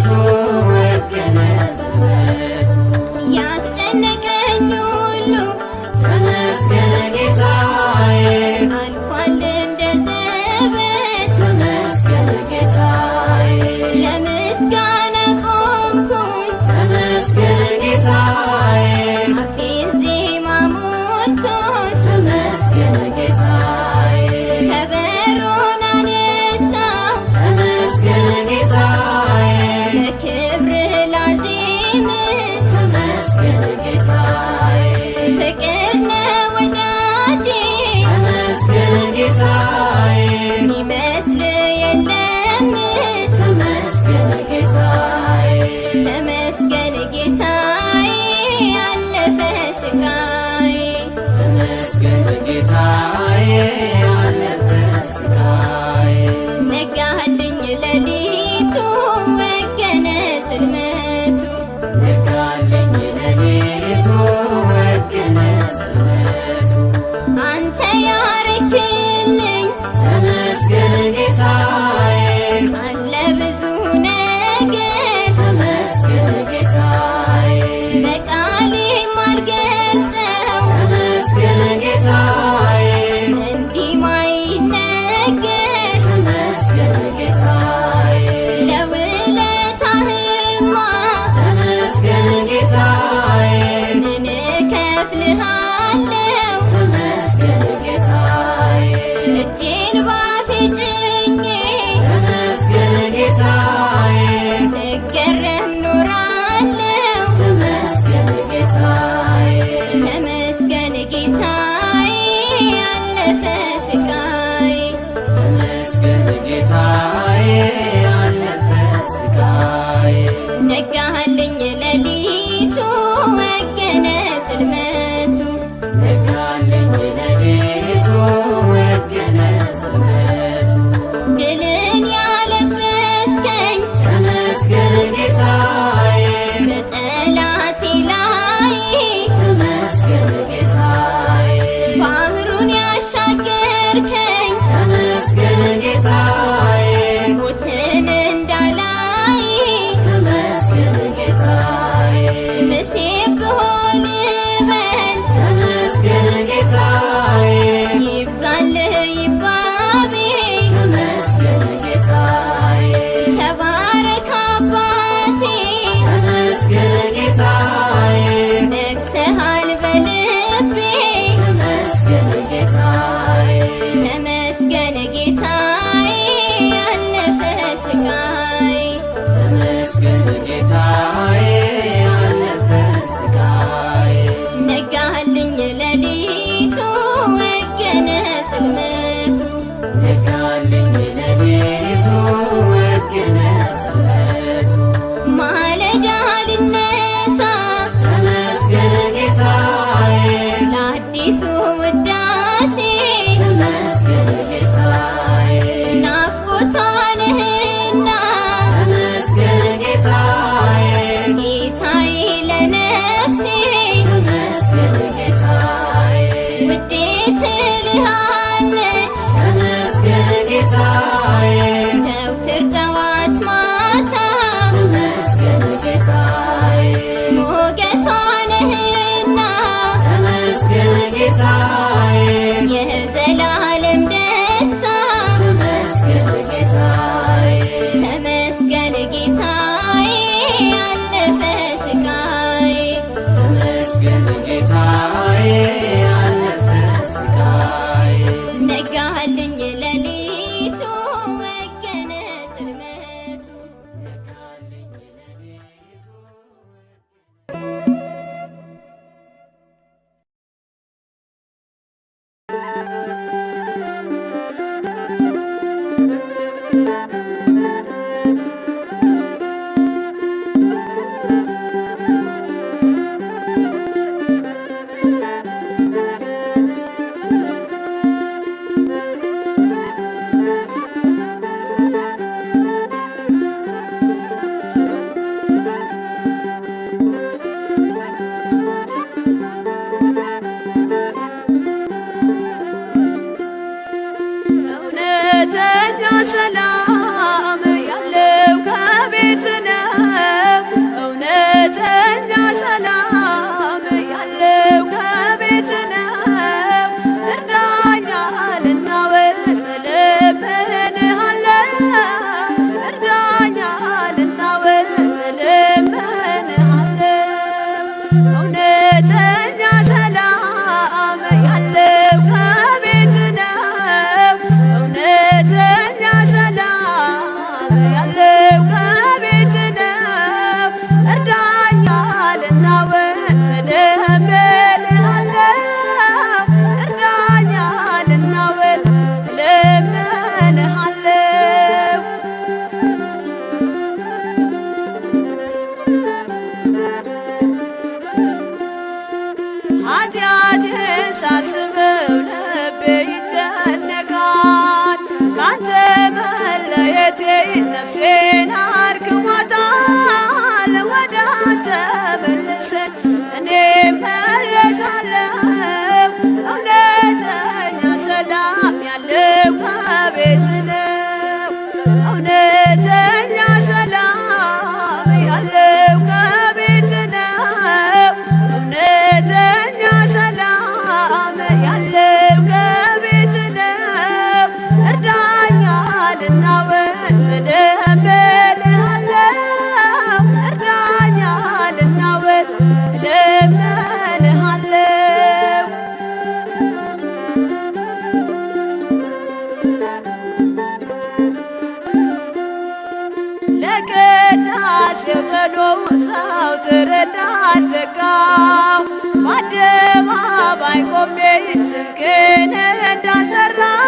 zo ጌታዬ ሚመስል የለም ተመስገን ጌታዬ ተመስገን ጌታዬ ያለፈ ስቃይ ተመስገን ጌታዬ ሌሊቱ ወገነ ጽልመት yeah. ጌታዬ የዘላለም ደስታ ተመስገን ጌታዬ አቤት ነፍሴና ላሴው ጸሎታው ትረዳ አልተጋው ቆሜ ስምክን እንዳልጠራው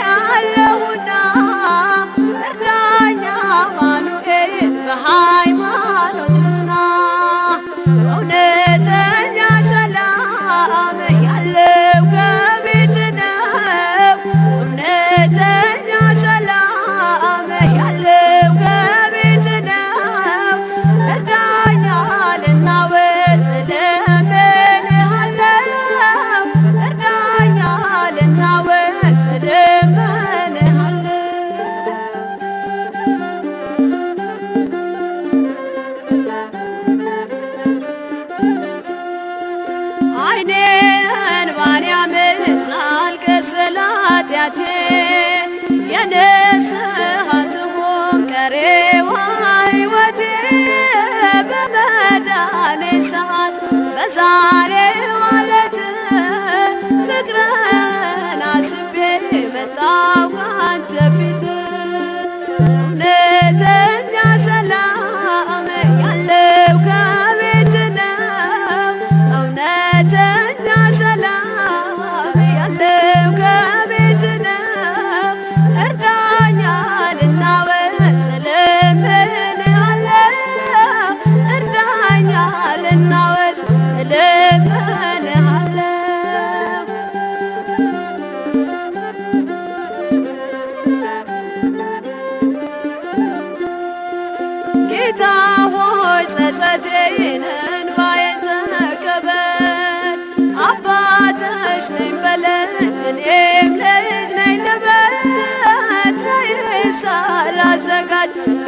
ያለሁና እርዳኛ ማኑኤል በሃይ መጣው ካንተ ፊት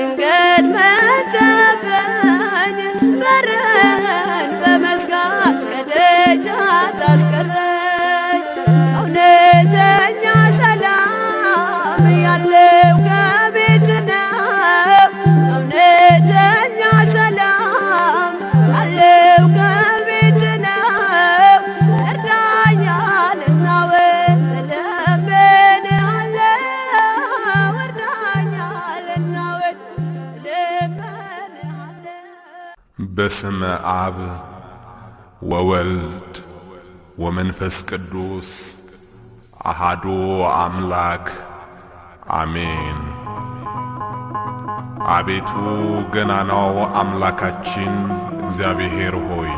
ድንገት መተበኝ በርህን በመዝጋት ከደጃ ታስ በስመ አብ ወወልድ ወመንፈስ ቅዱስ አሃዶ አምላክ አሜን። አቤቱ ገናናው አምላካችን እግዚአብሔር ሆይ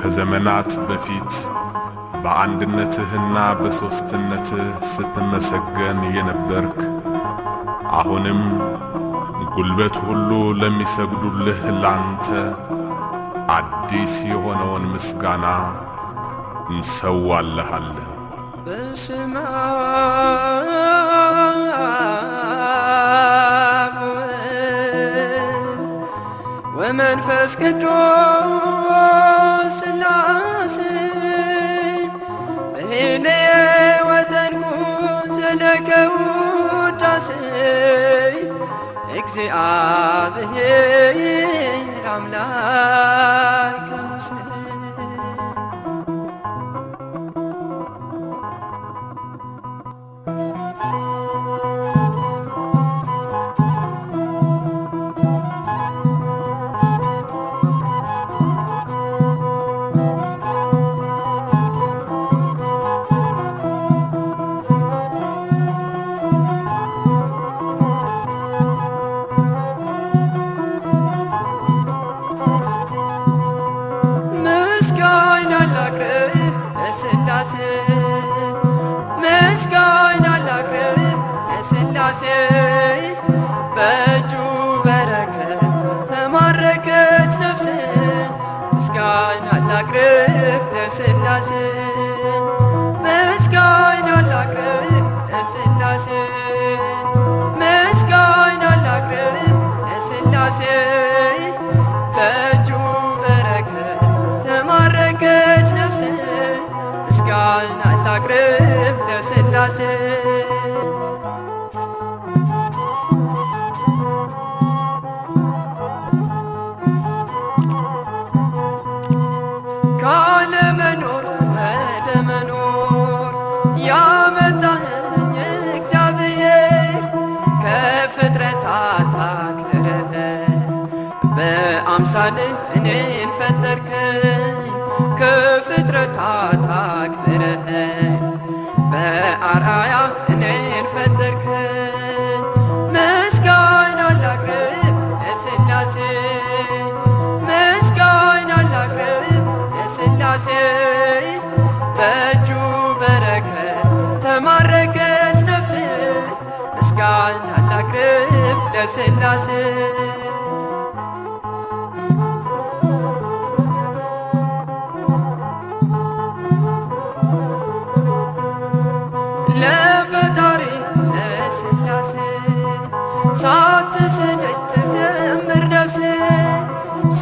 ከዘመናት በፊት በአንድነትህና በሦስትነትህ ስትመሰገን የነበርክ አሁንም ጉልበት ሁሉ ለሚሰግዱልህ ላንተ አዲስ የሆነውን ምስጋና እንሰዋለሃለን። በስመ አብ ወመንፈስ ቅዱስ ሥላሴ እግዚአብሔር አምላክ said.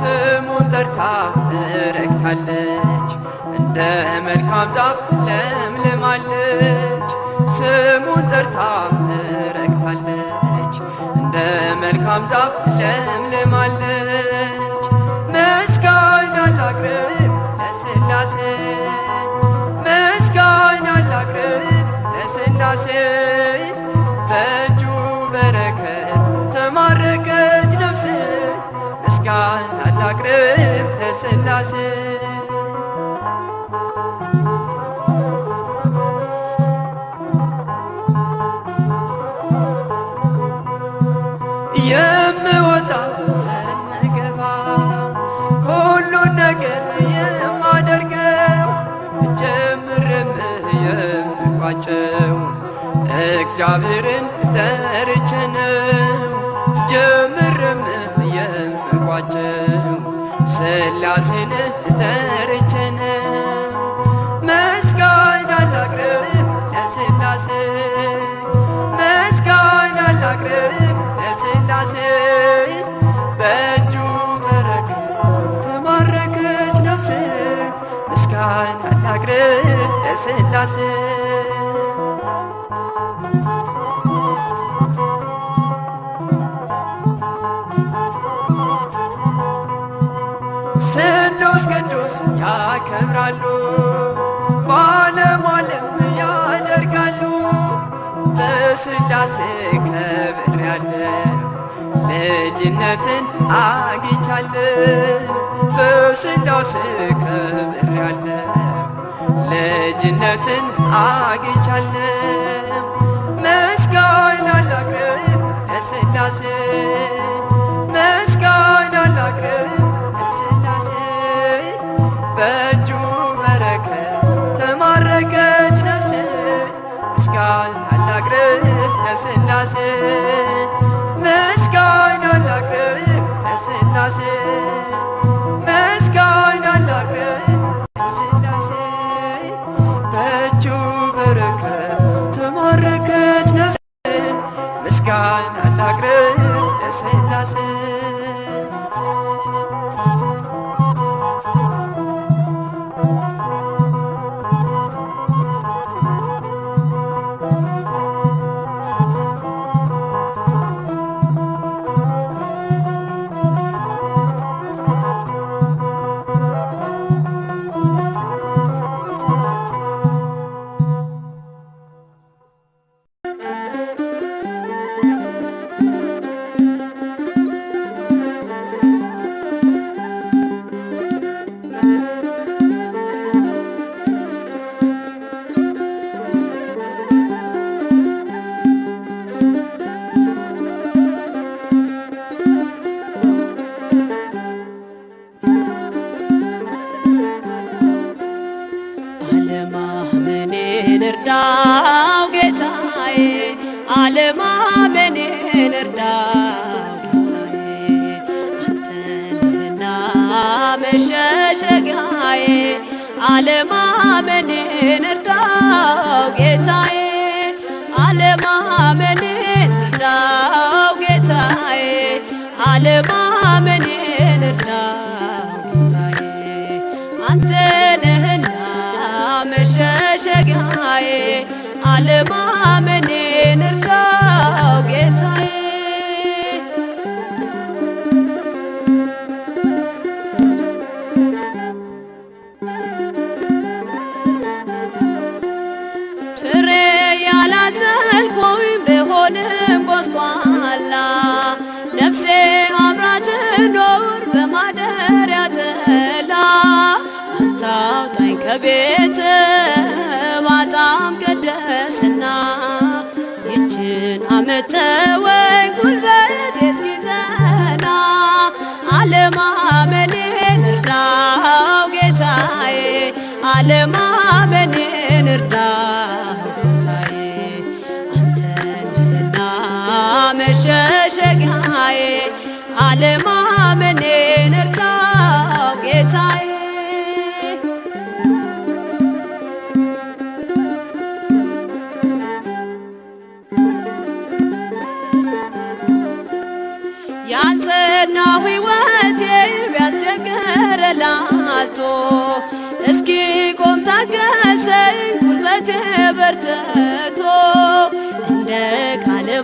ስሙን ጠርታ እረግታለች እንደ መልካም ዛፍ ለምልማለች። ስሙን ጠርታ እረግታለች እንደ መልካም ዛፍ ለምልማለች። ምስጋና ላቅርብ ለስላሴ ምስጋና ላቅርብ ለስላሴ በእጁ በረከት ተማረከች ምስጋና ላቅርብ ለሥላሴ የምወጣ ሁሉን ነገር የማደርገው ጀምርም የምቋጨው እግዚአብሔርን ጠርቼ ነው ራሴን ጠርቼን መስጋና ላቅርብ ለስላሴ መስጋና ላቅርብ ለስላሴ በእጁ በረከቱ ተማረከች ነፍስ ምስጋና ላቅርብ ለስላሴ ቅዱስ ቅዱስ ያከብራሉ በዓለም ዓለም ያደርጋሉ በስላሴ ከብር ያለ ልጅነትን አግኝቻለ በስላሴ ከብር ያለ ልጅነትን አግኝቻለ ምስጋና ላቅርብ ለሥላሴ ምስጋና ላቅርብ አለማመኔን እርዳው ጌታዬ፣ አለማመኔን እርዳው ጌታዬ፣ አንተ ነህና መሸሸጊያዬ፣ አለማመኔን እርዳው ጌታዬ፣ አለማመኔን እርዳው ጌታዬ፣ አለማ Alema ተወኝ ጉልበት እስኪጸና አለማመኔን እርዳው ጌታዬ፣ አለማመኔን እርዳው ጌታዬ፣ አንተ ነህና መሸሸጊያዬ አለማ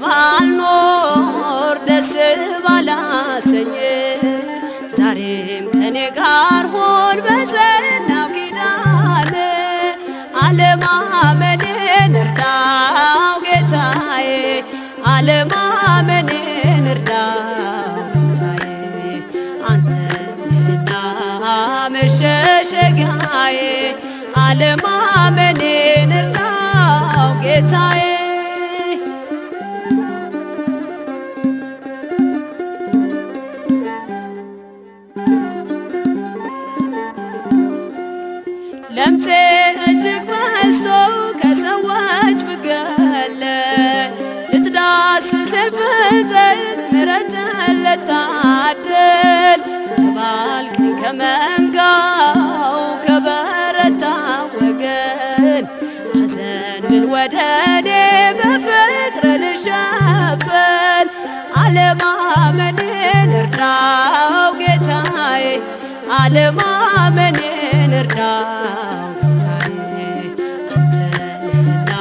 ባልኖር ደስ ባላሰኝ ዛሬም ከኔ ጋር ሆን በጸናው ኪዳን አለማመኔን እርዳው ጌታዬ አለማመኔን እርዳው ጌታዬ አንተ መሸሸጊያዬ አለማመ አለማመኔን እርዳው ጌታዬ፣ አንተ ነህና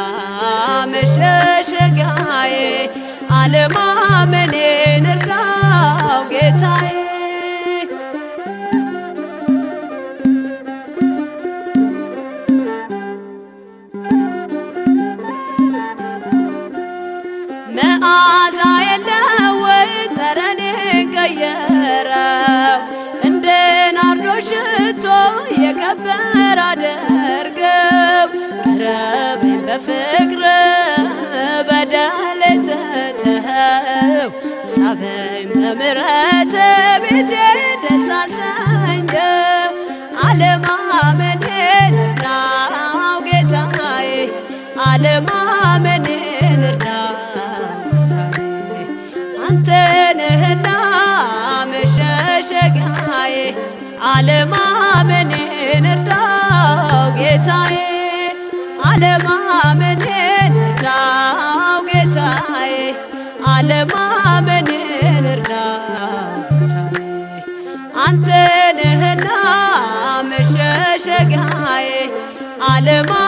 መሸሸጊያዬ። አለማመኔን እርዳው ጌታዬ መዓዛ የለው ወይ ጠረኔን ቀየረው ነበር አደርገው ቅረበኝ በፍቅር በዳሌ ተተኸው ሳበኝ በምረት ቤቴ ደሳሳኝ አለማመኔን እርዳው ጌታዬ አለማመኔን እርዳው ጌታዬ አንተ ነህና መሸሸጊያዬ አለማ አለማመኔ እርዳው ጌታዬ፣ አለማመኔን እርዳው ጌታዬ፣ አንተ ነህና መሸሸጊያዬ አለማ